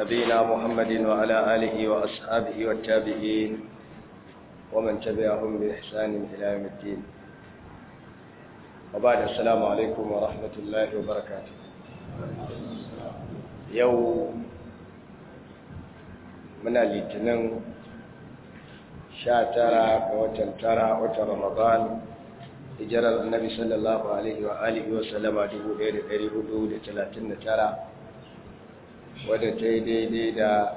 نبينا محمد وعلى آله وأصحابه والتابعين ومن تبعهم بإحسان إلى يوم الدين وبعد السلام عليكم ورحمة الله وبركاته يوم من الاثنين شاترا وتنترا وترمضان hijirar annabi sallallahu alaihi wa alihi wa sallama 1439 wadda ta yi daidai da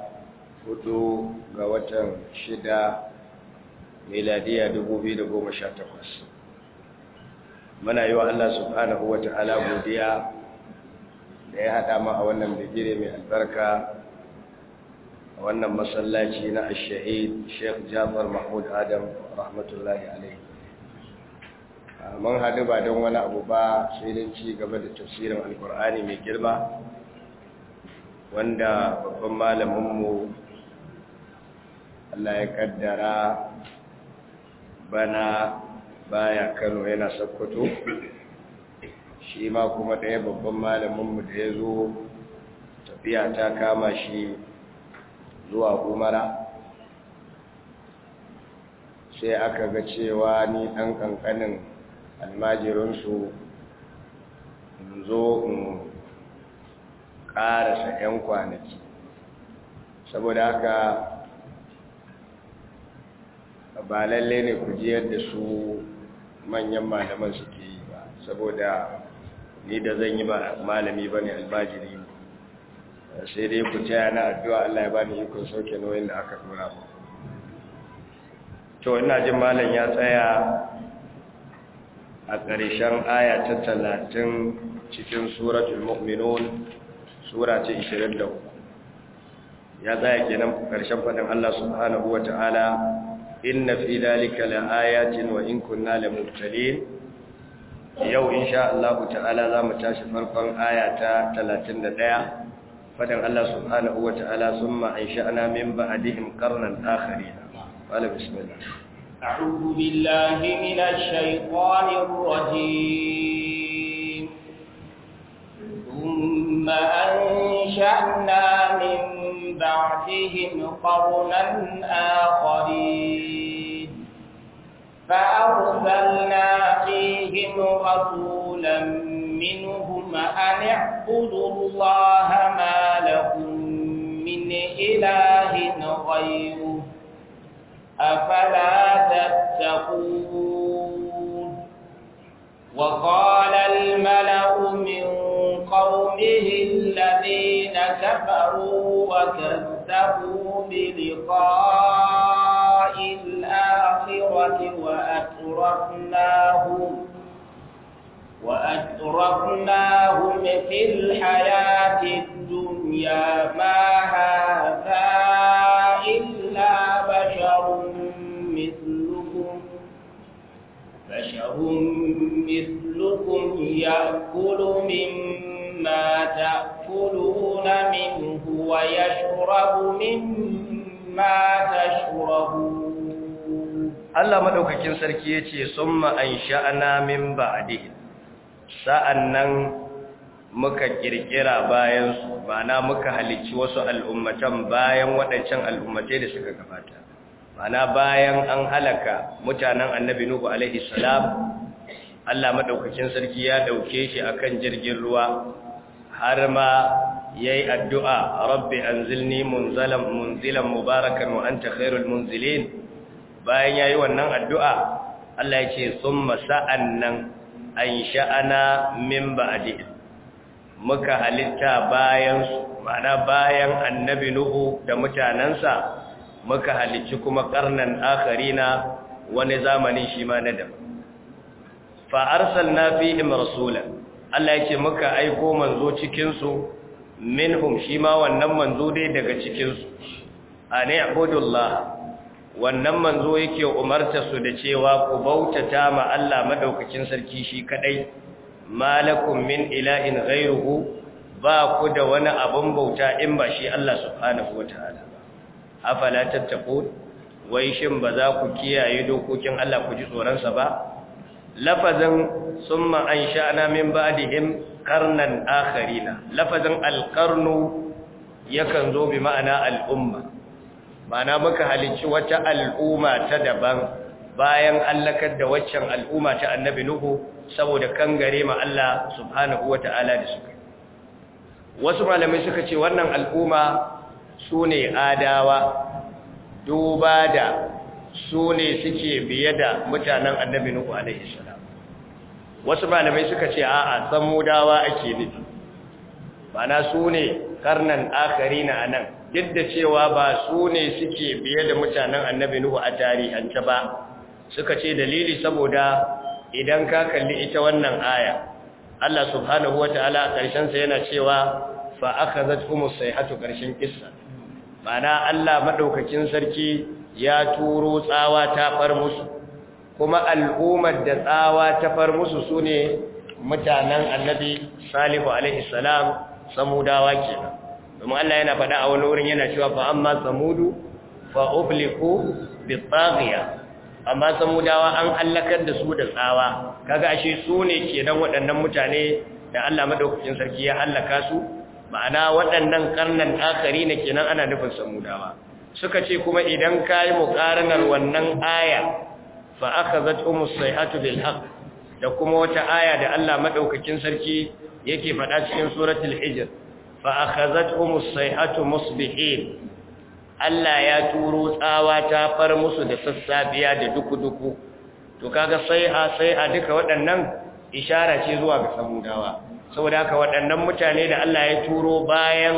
hudu ga watan shida miladiya 2018 muna yi wa Allah subhanahu wa ta'ala godiya da ya haɗa ma a wannan bigire mai albarka a wannan masallaci na ashahid sheikh jafar mahmud adam rahmatullahi alaihi mun haɗu ba don wani abu ba sai don ci gaba da tafsirin alkur'ani mai girma wanda babban malaminmu Allah ya kaddara bana baya kano yana sakkwato shi ma kuma ɗaya babban malaminmu da ya zo tafiya ta kama shi zuwa umara sai aka ga cewa ni ɗan ƙanƙanin almajirinsu in zo in ƙarasa 'yan kwanaki saboda haka ba lalle ne ku ji yadda su manyan malaman suke yi ba saboda ni da zan yi ba malami ba ne albajiri sai dai ku ta na addu'a Allah ya ba ni ikon sauke nauyin da aka dora ba to ina jin malam ya tsaya a ƙarshen aya ta talatin cikin suratul mu'minun sura ce 23 ya zaya kenan ƙarshen faɗin Allah subhanahu wa ta'ala inna fi dalika laayatin wa in kunna lamubtalin yau insha Allah ta'ala za mu tashi farkon aya ta 31 faɗin Allah subhanahu wa ta'ala summa ansha'na min ba'dihim qarnan akharin qala bismillah أعوذ بالله من الشيطان الرجيم ثم أنشأنا من بعدهم قرنا آخرين فأرسلنا فيهم رسولا منهم أن اعبدوا الله ما لكم من إله غيره أفلا تتقون وقال الملأ من قومه الذين كفروا وكذبوا بلقاء الآخرة وأترفناهم وأترفناهم في الحياة الدنيا ما هذا رجل مثلكم يأكل مما تأكلون منه ويشرب مما تشربون Allah maɗaukakin sarki yace summa ansha'na min ba'dihi sa'annan muka ƙirƙira bayan su ma'ana muka halicci wasu al'ummatan bayan waɗancan al'ummatai da suka gabata mana bayan an halaka mutanen annabi nuhu alaihi salam Allah madaukakin sarki ya dauke shi akan jirgin ruwa har ma yayi addu'a rabbi anzilni munzalan munzilan mubarakan wa anta khairul munzilin bayan yayi wannan addu'a Allah ya ce summa sa'annan ansha'ana min ba'di muka halitta bayan ma'ana bayan annabi nuhu da mutanansa muka halicci kuma karnan na wani zamanin shi ma na daban fa arsalna fihim rasulan Allah yake muka aiko manzo cikinsu minhum shi ma wannan manzo dai daga cikinsu. ani abudullah wannan manzo yake umarta su da cewa ku bautata ma Allah Maɗaukakin sarki shi kaɗai malakum min ilain ghayruhu ba ku da wani abun bauta in ba shi Allah subhanahu wataala afala tattaqun wai shin ba za ku kiyaye dokokin Allah ku ji tsoron ba lafazin summa ansha'na min ba'dihim qarnan akharina lafazin alqarnu yakan zo bi ma'ana al'umma ma'ana muka halicci wata al'umma ta daban bayan allakar da waccan al'umma ta annabi Nuhu saboda gare ma Allah subhanahu wa ta'ala da suka. Wasu malamai suka ce wannan al'umma su ne adawa duba da su ne suke biye da mutanen annabi nuhu alaihi salam wasu malamai suka ce a'a mudawa ake nufi mana su ne karnan akari na anan duk da cewa ba su ne suke biye da mutanen annabi nuhu a tarihance ba suka ce dalili saboda idan ka kalli ita wannan aya Allah subhanahu ta'ala a ƙarshen sa yana cewa fa akhazat sai sayhatu ƙarshen kissa mana Allah madaukakin sarki ya turo tsawa ta far musu kuma al'ummar da tsawa ta far musu sune mutanen annabi salihu alaihi salam samudawa kenan domin Allah yana faɗa a wani wurin yana cewa fa amma samudu fa ubliku bitaghiya amma samudawa an halakar da su da tsawa kaga ashe su ne kenan waɗannan mutane da Allah madaukakin sarki ya halaka su ma'ana waɗannan karnan akari ne kenan ana nufin samudawa suka ce kuma idan kayi muƙaranar wannan aya fa akhazat umus sayhatu bil haq da kuma wata aya da Allah maɗaukakin sarki yake faɗa cikin suratul hijr fa akhazat umus sayhatu musbihin Allah ya turo tsawa ta far musu da sassafiya da duku-duku to kaga sai a sai a duka waɗannan ishara ce zuwa ga samudawa saboda haka waɗannan mutane da Allah ya turo bayan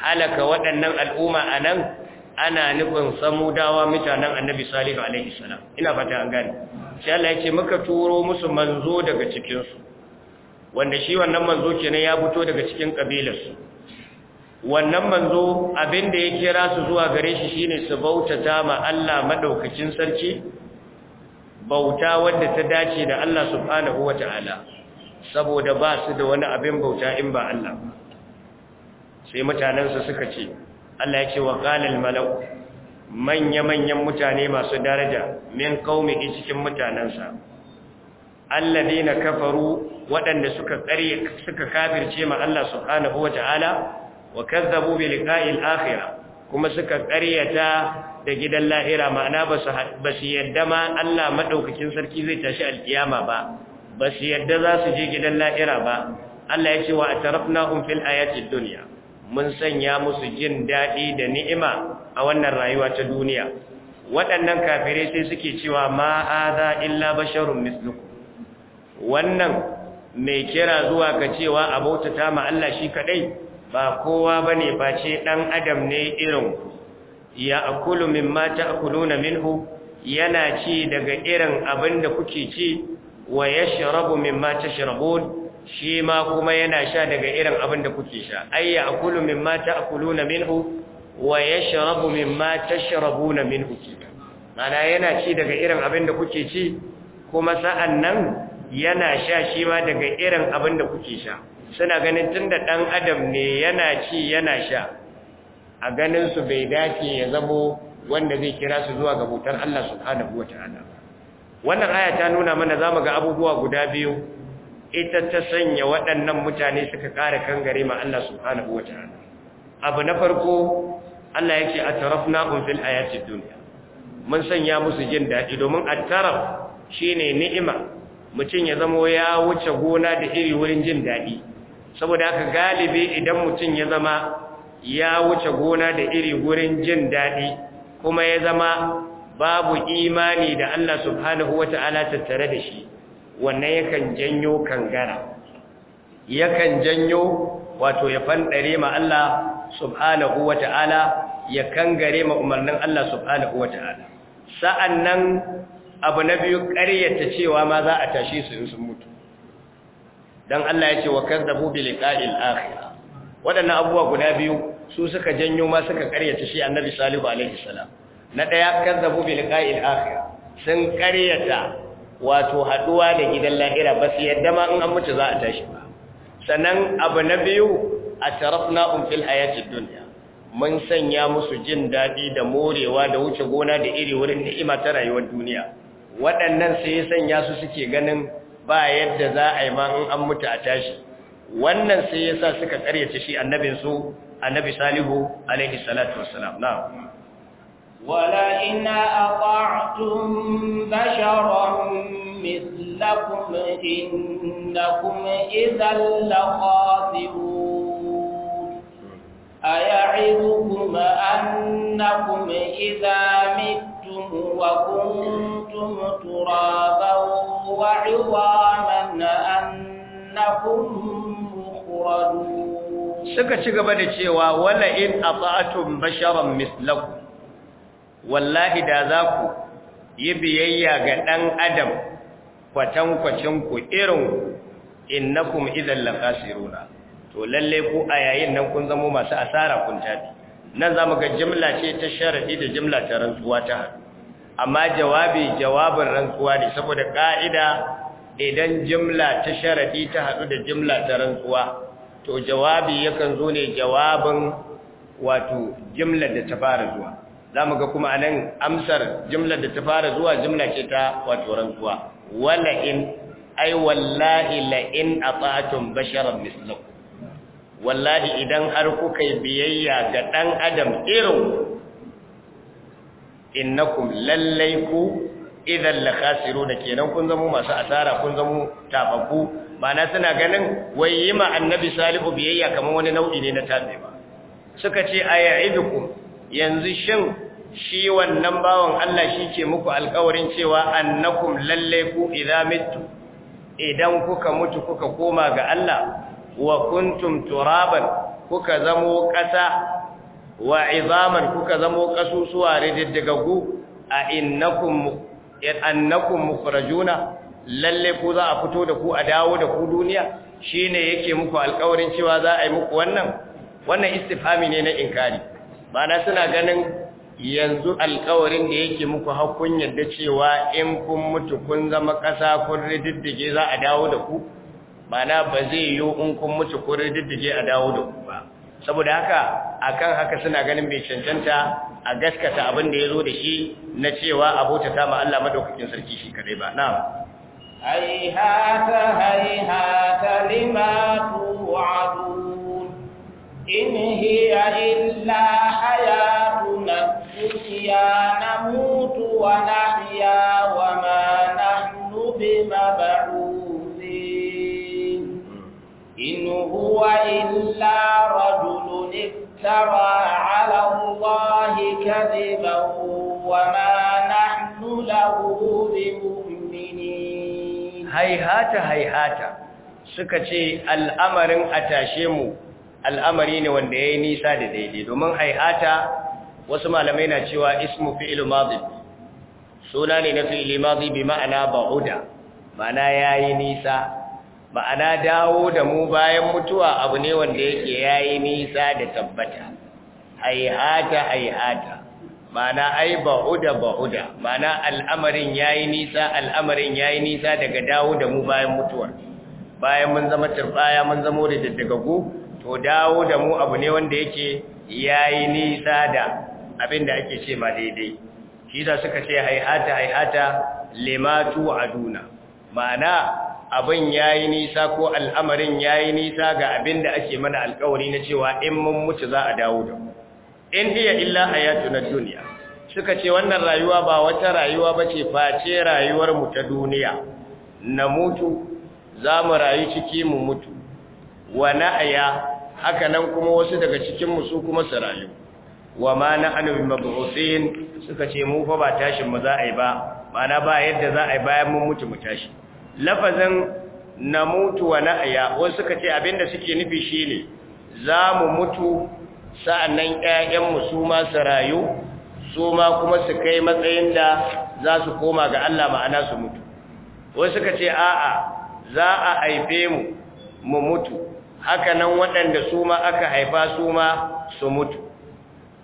halaka waɗannan al'umma a nan ana nufin samudawa mutanen annabi salihu alaihi salam ina fata an gane sai Allah ya ce muka turo musu manzo daga cikinsu wanda shi wannan manzo kenan ya fito daga cikin kabilarsu wannan manzo abinda ya kira su zuwa gare shi shine su bautata ma Allah madaukakin sarki bauta wadda ta dace da Allah subhanahu wataala saboda ba su da wani abin bauta in ba Allah sai mutanensu suka ce Allah ya ce wa qalal malau manya-manyan mutane masu daraja min qaumihi cikin mutanensa alladheena kafaru waɗanda suka kare suka kafirce ma Allah subhanahu wata'ala wa kazzabu bi liqa'il akhirah kuma suka ƙaryata da gidan lahira ma'ana ba su yadda ma Allah madaukakin sarki zai tashi alkiyama ba Basu yadda za su je gidan la'ira ba Allah ya ce wa atarafnahum fil ayatid duniya, mun sanya musu jin daɗi da ni'ima a wannan rayuwa ta duniya waɗannan kafirai sai suke cewa ma aza illa basharun mislukum wannan mai kira zuwa ga cewa abautata ma Allah shi kadai ba kowa bane ce dan adam ne irin ya akulu mimma ta'kuluna minhu yana ci daga irin abin da kuke ci wa yashrabu mimma tashrabun shi ma kuma yana sha daga irin abin da kuke sha ayya Akulu mimma ta'kuluna minhu wa yashrabu mimma tashrabuna minhu mana yana ci daga irin abin da kuke ci kuma sa'an nan yana sha shi ma daga irin abin da kuke sha suna ganin tunda dan adam ne yana ci yana sha a ganin su bai dace ya zabo wanda zai kira su zuwa ga bautar Allah subhanahu wataala wannan aya ta nuna mana za mu ga abubuwa guda biyu ita ta sanya waɗannan mutane suka ƙara kangare ma Allah subhanahu wa ta'ala abu na farko Allah yake a ta'raf na'un fil ayatid duniya mun sanya musu jin daɗi domin a taraf ne ni'ima mutum ya zama ya wuce gona da iri wurin jin daɗi saboda haka galibi idan mutum ya zama ya wuce gona da iri wurin jin daɗi kuma ya zama babu imani da Allah subhanahu wata'ala tattare da shi wannan yakan janyo kangara yakan janyo wato ya fandare ma Allah subhanahu wata'ala ya kangare ma umarnin Allah subhanahu wata'ala sa'annan abu na biyu ƙaryata cewa ma za a tashi su in sun mutu Don Allah ya ce wa kazzabu bi liqa'il akhirah Waɗannan abubuwa guda biyu su suka janyo ma suka ƙaryata shi annabi salihu alaihi salam na ɗaya kazzabu zabu liqa'il akhir sun karyata wato haɗuwa da gidan lahira ba su yadda ma in an mutu za a tashi ba sannan abu na biyu a tarafna fil hayatid duniya. mun sanya musu jin daɗi da morewa da wuce gona da iri wurin ni'ima ta rayuwar duniya waɗannan sai ya sanya su suke ganin ba yadda za a yi ma in an mutu a tashi wannan sai ya sa suka karyace shi annabinsu annabi salihu alaihi salatu wassalam na'am ولئن أطعتم بشرا مثلكم إنكم إذا لخاسرون أيعظكم أنكم إذا متم وكنتم ترابا وعظاما أنكم مخرجون suka ci gaba da cewa wala in ata'atum basharan mislakum wallahi da za ku yi biyayya ga ɗan adam kwatankwacin ku irin innakum idan laqasiruna to lalle ku a yayin nan kun zama masu asara kun tafi nan mu ga jimla ce ta sharaɗi da jimla ta rantsuwa ta amma jawabi jawabin rantsuwa ne saboda ƙa'ida idan jimla ta sharaɗi ta haɗu da jimla ta rantsuwa to jawabi yakan zo ne jawabin wato jimla da ta fara zuwa za mu ga kuma anan amsar jimlar da ta fara zuwa jimla ce ta wato rantsuwa wala in ai wallahi la in ata'tum basharan mislakum wallahi idan har kuka yi biyayya ga dan adam irin innakum lallai ku idan la khasiruna kenan kun zama masu asara kun tafaku tababbu ma'ana suna ganin wai yi annabi salihu biyayya kamar wani nau'i ne na ba. suka ce aya'idukum yanzu shin shi wannan bawan Allah shi ke muku alkawarin cewa annakum lalle ku idza idan kuka mutu kuka koma ga Allah wa kuntum turaban kuka zamo kasa wa izaman kuka zamo kasusuwa rididdigagu a innakum annakum mukhrajuna lalle ku za a fito da ku a dawo da ku duniya shine yake muku alƙawarin cewa za a yi muku wannan wannan istifhami ne na inkari ma'ana suna ganin yanzu alkawarin da yake muku hakkun yadda cewa in kun mutu kun zama ƙasa kun rididdige za a dawo da ku ma'ana ba zai yi in kun mutu kun rididdige a dawo da ku ba saboda haka akan haka suna ganin bai cancanta a gaskata abin da ya zo da shi na cewa abota ta ma Allah madaukakin sarki shi kadai ba na'am hayhata hayhata lima tu'adu إن هي إلا حياتنا الدنيا نموت ونحيا وما نحن بمبعوثين إن هو إلا رجل افترى على الله كذبا وما نحن له بمؤمنين هيهات هيهات suka ce al'amarin a tashe mu al'amari ne wanda ya yi nisa da daidai domin haihata wasu malamai na cewa ismu fi'il madhi suna ne na fi'il madhi bi ma'ana ba'uda ma'ana ya yi nisa ma'ana dawo da mu bayan mutuwa abu ne wanda yake ya yi nisa da tabbata haihata haihata ma'ana ai ba'uda ba'uda ma'ana al'amarin ya yi nisa al'amarin ya yi nisa daga dawo da mu bayan mutuwa bayan mun zama turbaya mun zama da daga to dawo da mu abu ne wanda yake yayi nisa da abin da ake ce ma daidai shi da suka ce haihata haihata limatu aduna ma'ana abin yayi nisa ko al'amarin yayi nisa ga abin da ake mana alƙawari na cewa in mun mutu za a dawo da mu in hiya illa hayatun dunya suka ce wannan rayuwa ba wata rayuwa bace face rayuwar mu ta duniya na mutu za mu rayu ciki mu mutu wa na'aya haka nan kuma wasu daga cikin su kuma su rayu wa ma na'anu bi mabusin suka ce mu fa ba tashin mu za a yi ba mana ba yadda za a yi bayan mun mutu mu tashi lafazin namutu wa na'aya wasu suka ce abinda suke nufi shine za mu mutu sa'annan ƴaƴan mu su ma su rayu su ma kuma su kai matsayin da za su koma ga Allah ma'ana su mutu wasu suka ce a'a za a aife mu mu mutu haka nan waɗanda su ma aka haifa su ma su mutu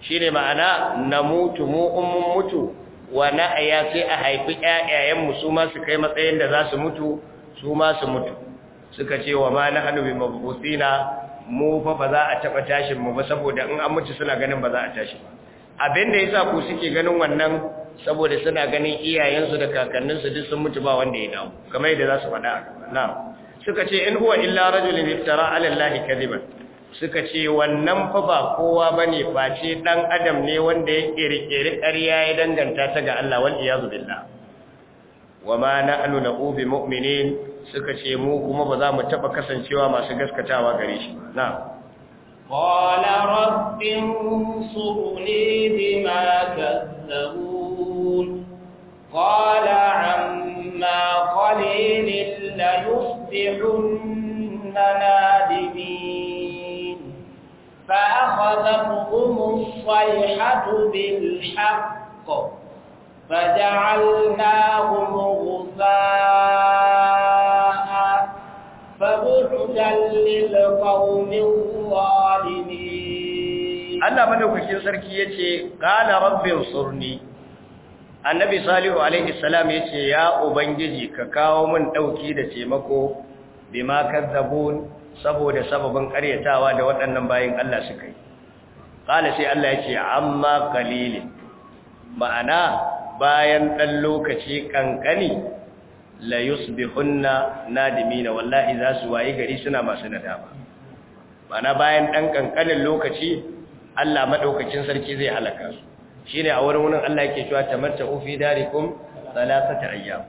shi ne ma'ana na mutu umun mutu wa na a ya sai a haifi ƴaƴayenmu su ma su kai matsayin da za su mutu su ma su mutu suka ce wa ma na hannubi mabusina mu fa ba za a taɓa tashin mu ba saboda in an mutu suna ganin ba za a tashi ba abin da sa ku suke ganin wannan saboda suna ganin iyayensu da kakanninsu duk sun mutu ba wanda ya damu, kamar yadda za su faɗa na'am suka ce in huwa illa rajulun iftara ala allahi kadiban suka ce wannan fa ba kowa bane face dan adam ne wanda ya kirkiri ƙarya ya danganta ta ga Allah wal iyazu billah wama na'nu na'u bi mu'minin suka ce mu kuma ba za mu taba kasancewa masu gaskatawa gare shi na qala rabbin surni bima kazzabun qala amma مما قليل ليصبحن نادمين فأخذتهم الصيحة بالحق فجعلناهم غثاء فبعدا للقوم الظالمين Allah madaukakin sarki yace qala rabbi usurni annabi salihu alaihi salam ya ce ya ubangiji ka kawo min ɗauki da taimako bima kazzabun saboda sababin karyatawa da waɗannan bayin Allah suka yi qala sai Allah ya ce amma qalili ma'ana bayan ɗan lokaci kankani la yusbihunna nadimina wallahi za su wayi gari suna masu nadama ma'ana bayan ɗan kankanin lokaci Allah madaukakin sarki zai halaka su Shi ne a wurin wurin Allah yake cewa dari fi salasa ta ayyam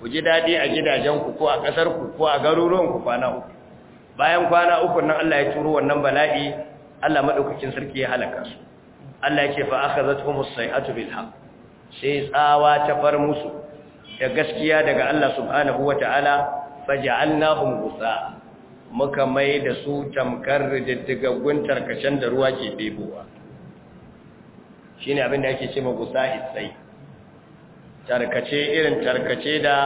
ku ji dadi a gidajenku ko a kasar ku ko a garuruwanku kwana uku bayan kwana uku nan Allah ya turo wannan bala'i Allah madaukakin sarki ya halaka su Allah yake fa akhazatuhumus sayhatu bil haqq sai tsawa ta far musu da gaskiya daga Allah subhanahu wataala faj'alnahum gusa muka mai da su tamkar diddigaggun tarkacen da ruwa ke bebowa shine abin da ake ce ma gusa'id tarkace irin tarkace da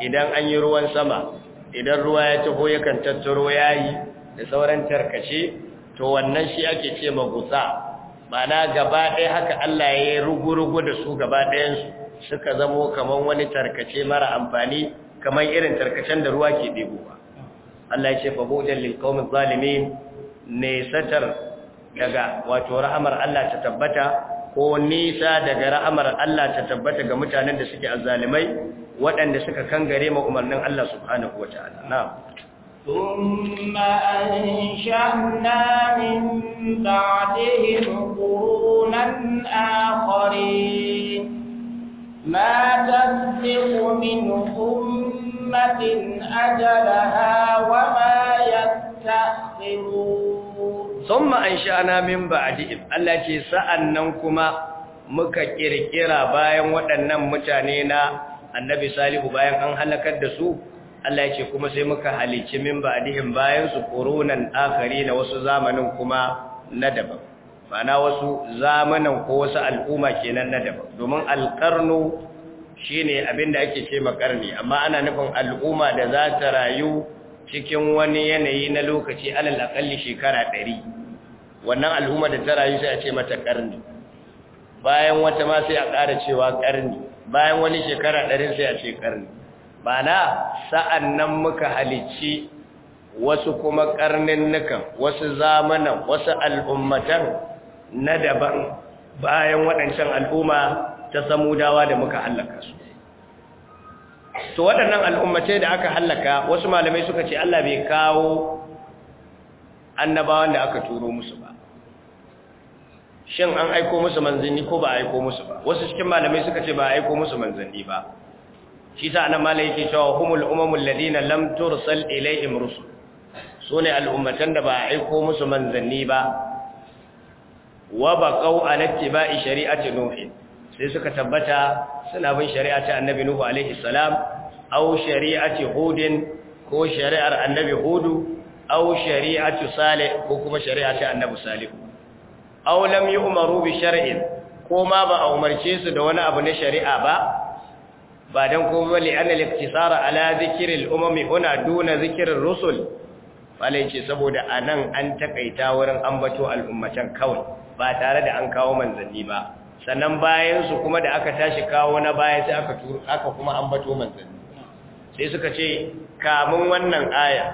idan an yi ruwan sama idan ruwa ya taho yakan tattaro yi da sauran tarkace to wannan shi ake ce ma gusa mana gaba ɗaya haka Allah ya yi rugurugu da su gaba ɗayan suka zamo kamar wani tarkace mara amfani kamar irin tarkacen da ruwa ke ba. Allah ya ce fa bujan lil zalimin ne satar daga wato rahamar Allah ta tabbata ko nisa daga ra'amar Allah ta tabbata ga mutanen da suke azzalimai waɗanda suka kangare ma umarnin Allah subhanahu wata'ala na'am thumma ansha'na min ba'dihim qurunan akharin ma tasbiqu min ummatin ajalaha wa ma yasta'khirun thumma ansha'na min ba'dihim Allah ce nan kuma muka ƙirƙira bayan waɗannan mutane na annabi salihu bayan an halakar da su Allah ce kuma sai muka halici min ba'dihim bayan su qurunan akhari na wasu zamanin kuma na daban ma'ana wasu zamanin ko wasu al'umma kenan na daban domin alqarnu shine abinda ake ce makarni amma ana nufin al'umma da za ta rayu cikin wani yanayi na lokaci alal aqalli shekara ɗari. wannan al'umma da ta rayu sai a ce mata karni bayan wata ma sai a ƙara cewa karni bayan wani shekara ɗarin sai a ce karni bana sa'an nan muka halicci wasu kuma karnin nukan wasu zamanan wasu al'ummatan na daban bayan waɗancan al'umma ta dawa da muka hallaka su to waɗannan al'ummace da aka hallaka wasu malamai suka ce Allah bai kawo annabawan da aka turo musu ba shin an aiko musu manzanni ko ba a aiko musu ba wasu cikin malamai suka ce ba a aiko musu manzanni ba shi sa anan malai yake cewa humul umamul ladina lam tursal ilaihim rusul sune al'ummatan da ba a aiko musu manzanni ba wa baqau ala tibai shari'ati nuhi sai suka tabbata suna bin shari'ati annabi nuhu alaihi salam au shari'ati hudin ko shari'ar annabi hudu au shari'ati salih ko kuma shari'ati annabi salihu aw lam yu'maru bi shar'in ko ma ba a umarce su da wani abu na shari'a ba ba dan ko ba li anna al-iktisara ala al umami huna duna ar rusul wala ce saboda anan an takaita wurin ambato al-ummatan kawai ba tare da an kawo manzanni ba sannan bayan su kuma da aka tashi kawo na baya sai aka turu aka kuma ambato manzanni sai suka ce kamun wannan aya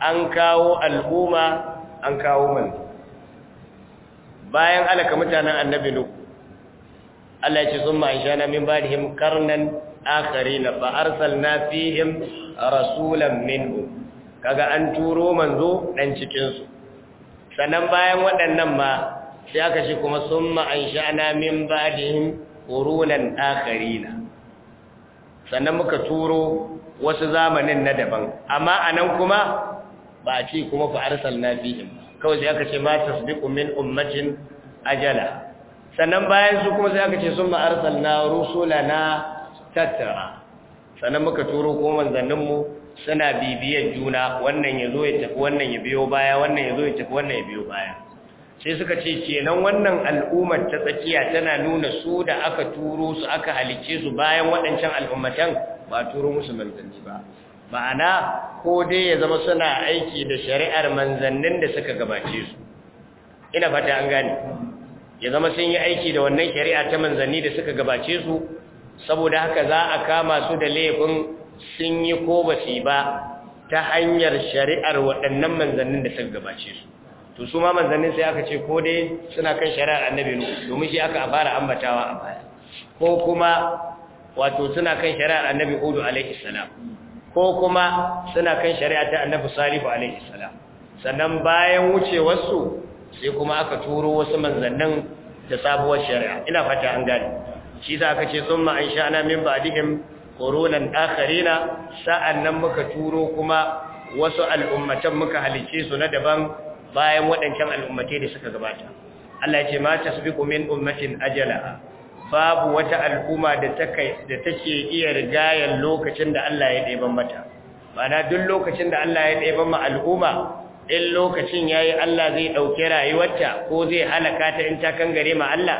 an kawo al'umma an kawo manzanni bayan alaka mutanen annabi nu Allah ya ce sun ma'anshana min badihim karnan akharina na fi fihim rasulan minhu kaga an turo manzo dan cikin su sannan bayan waɗannan ma sai aka shi kuma sun ma'anshana min badihim akari na, sannan muka turo wasu zamanin na daban amma a nan kuma ba a ce kuma na fi fihim kawai sai aka ce ma tasbiqu min ummatin ajala sannan bayan su kuma sai aka ce sun ma arsalna rusulana tattara sannan muka turo ko manzannin mu suna bibiyar juna wannan ya zo ya tafi wannan ya biyo baya wannan ya zo ya tafi wannan ya biyo baya sai suka ce kenan wannan al'ummar ta tsakiya tana nuna su da aka turo su aka halice su bayan waɗancan al'ummatan ba turo musu manzanni ba ma'ana ko dai ya zama suna aiki da shari'ar manzannin da suka gabace su ina fata an gane ya zama sun yi aiki da wannan shari'a ta manzanni da suka gabace su saboda haka za a kama su da laifin sun yi ko ba su ba ta hanyar shari'ar waɗannan manzannin da suka gabace su to su ma manzannin sai aka ce ko dai suna kan shari'ar annabi nu domin shi aka fara ambatawa a baya ko kuma wato suna kan shari'ar annabi hudu alaihi salam ko kuma suna kan shari'a ta annabi salihu alaihi salam sannan bayan wucewarsu sai kuma aka turo wasu manzannin da sabuwar shari'a ina fata an gane shi za ka ce sun ma'an na min ba'dihim qurunan ɗakarina sa'an nan muka turo kuma wasu al'ummatan muka halice su na daban bayan waɗancan al'ummatai da suka gabata Allah ya ce ma tasbiqu min ummatin ajalaha babu wata al'umma da take iya rigayar lokacin da Allah ya ɗeban mata mana duk lokacin da Allah ya ɗeban ma al'umma in lokacin yayi Allah zai ɗauke rayuwarta ko zai halaka ta in ta kangare ma Allah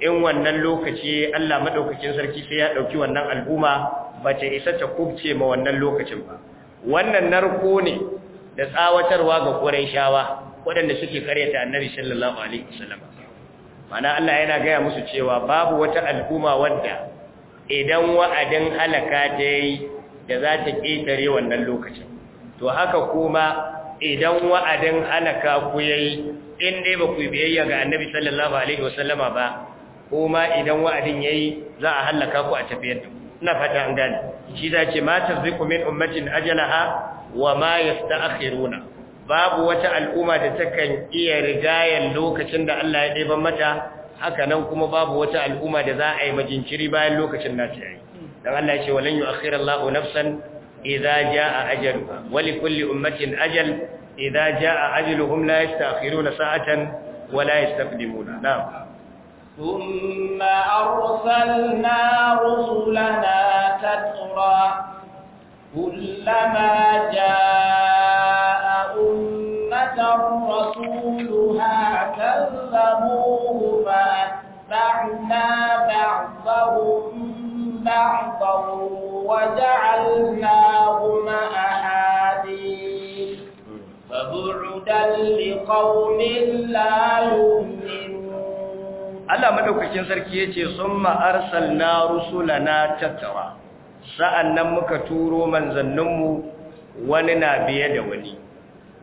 in wannan lokaci Allah madaukakin sarki sai ya ɗauki wannan al'umma bata isa ta kubce ma wannan lokacin ba wannan narko ne da tsawatarwa ga Qurayshawa waɗanda suke karyata Annabi sallallahu alaihi wasallam mana Allah yana gaya musu cewa babu wata al'umma wanda idan wa'adin halaka ta yi da za ta ƙetare wannan lokacin to haka kuma idan wa'adin halaka ku yayi in dai ba ku biyayya ga annabi sallallahu alaihi wasallama ba kuma idan wa'adin yayi za a halaka ku a tafiyar da ina fata an gane shi zace ma tazriqu min ummatin ajalaha wa ma yasta'khiruna babu wata al'umma da takan iya rigayen lokacin da Allah ya ɗeban mata haka nan kuma babu wata al'umma da za a yi majinkiri bayan lokacin na ta yi don Allah ya ce walan yi akhirar la'o nafsan idza jaa ajaluha wa li kulli ummatin ajal idza jaa ajaluhum la yastakhiruna sa'atan wa la yastaqdimuna na ثم أرسلنا رسلنا تترى كلما جاء فكذبوه فأتبعنا بعضهم بعضا وجعلناهم أحاديث فبعدا لقوم لا Allah madaukakin sarki yace summa arsalna rusulana tattara sa'annan muka turo manzanninmu wani na biye da wani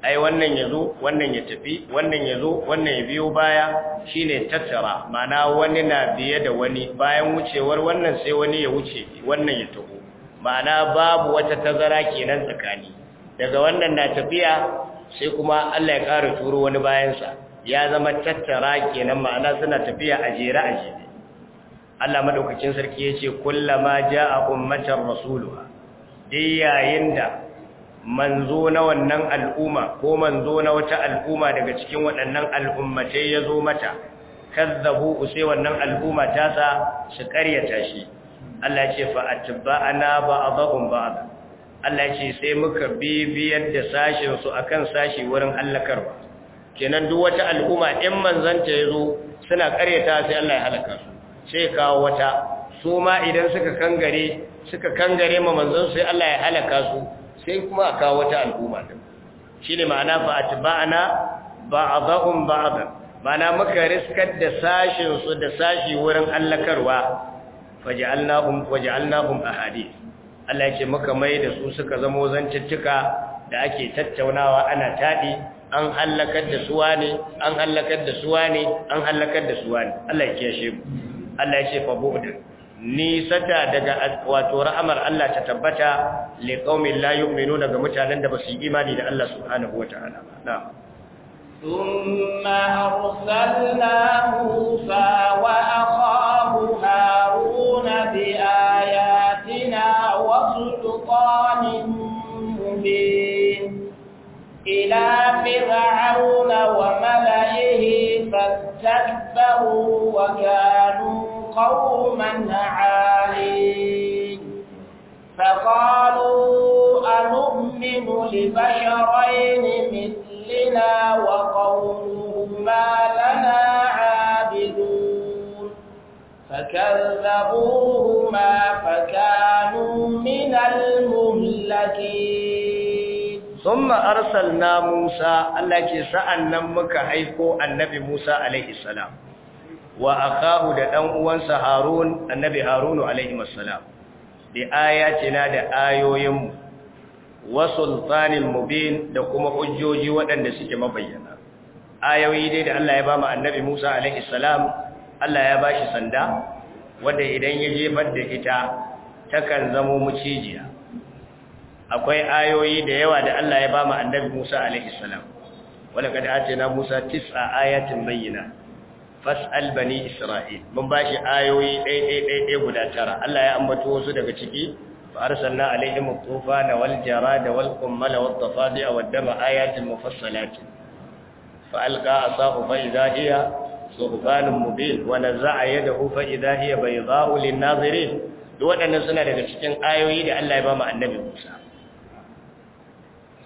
ai wannan ya zo wannan ya tafi wannan ya zo wannan ya biyo baya shine tattara mana wani na biye da wani bayan wucewar wannan sai wani ya wuce wannan ya tafi mana babu wata tazara kenan tsakani daga wannan na tafiya sai kuma Allah ya kara turo wani bayansa ya zama tattara kenan ma'ana suna tafiya a jere a jere Allah madaukakin sarki yace kullama jaa ummatar rasuluha dai yayin da manzo na wannan al'umma ko manzo na wata al'umma daga cikin waɗannan al'ummatai ya zo mata kazzabu sai wannan al'umma ta sa shi ƙaryata shi Allah ce fa atba'ana ba'dhum ba'd Allah ce sai muka bibiyar da sashin su akan sashi wurin karba kenan duk wata al'umma in manzanta ya zo suna ƙaryata sai Allah ya halaka su sai kawo wata su ma idan suka kangare suka kangare ma manzon sai Allah ya halaka su sai kuma a kawo wata al'umma din shine ma'ana fa atba'na ba'dhum ba'dhan ma'ana muka riskar da sashin su da sashi wurin allakarwa faj'alnahum waj'alnahum ahadith Allah yake muka mai da su suka zamo zancicika da ake tattaunawa ana tadi an halakar da suwa ne an halakar da suwa ne an halakar da suwa ne Allah ya kiyashe Allah ya ce fa bu'dan nisata daga wato ra'amar Allah ta tabbata li qaumin la yu'minuna ga mutanen da basu yi imani da Allah subhanahu wataala na'am thumma arsalna Musa wa akhahu Harun bi ayatina wa sultanin mubin ila fir'auna wa mala'ihi fastakbaru wa kanu قوما عالين فقالوا أنؤمن لبشرين مثلنا وقومهما لنا عابدون فكذبوهما فكانوا من المهلكين ثم أرسلنا موسى الذي سألنا مكة هيكو النبي موسى عليه السلام wa akahu da dan uwansa harun annabi Harun alaihi wassalam bi ayatina da ayoyin mu wa sultanil mubin da kuma hujjoji waɗanda suke mabayyana ayoyi dai da Allah ya ba mu annabi Musa alaihi salam Allah ya bashi sanda wanda idan ya jefar da ita takan zamo mucijiya akwai ayoyi da yawa da Allah ya ba mu annabi Musa alaihi salam wala kad atina Musa tis'a ayatin bayyinah fas'al bani isra'il mun bashi ayoyi ɗaiɗaiɗaiɗai guda tara Allah ya ambato wasu daga ciki fa arsalna alaihim at-tufana wal jarada wal qummal wat tafadi'a wad dama ayatin mufassalatin fa alqa asahu fa idha hiya suhbanun mubin wa naza'a yadahu fa idha hiya baydha'u lin-nazirin duk waɗannan suna daga cikin ayoyi da Allah ya ba mu annabi Musa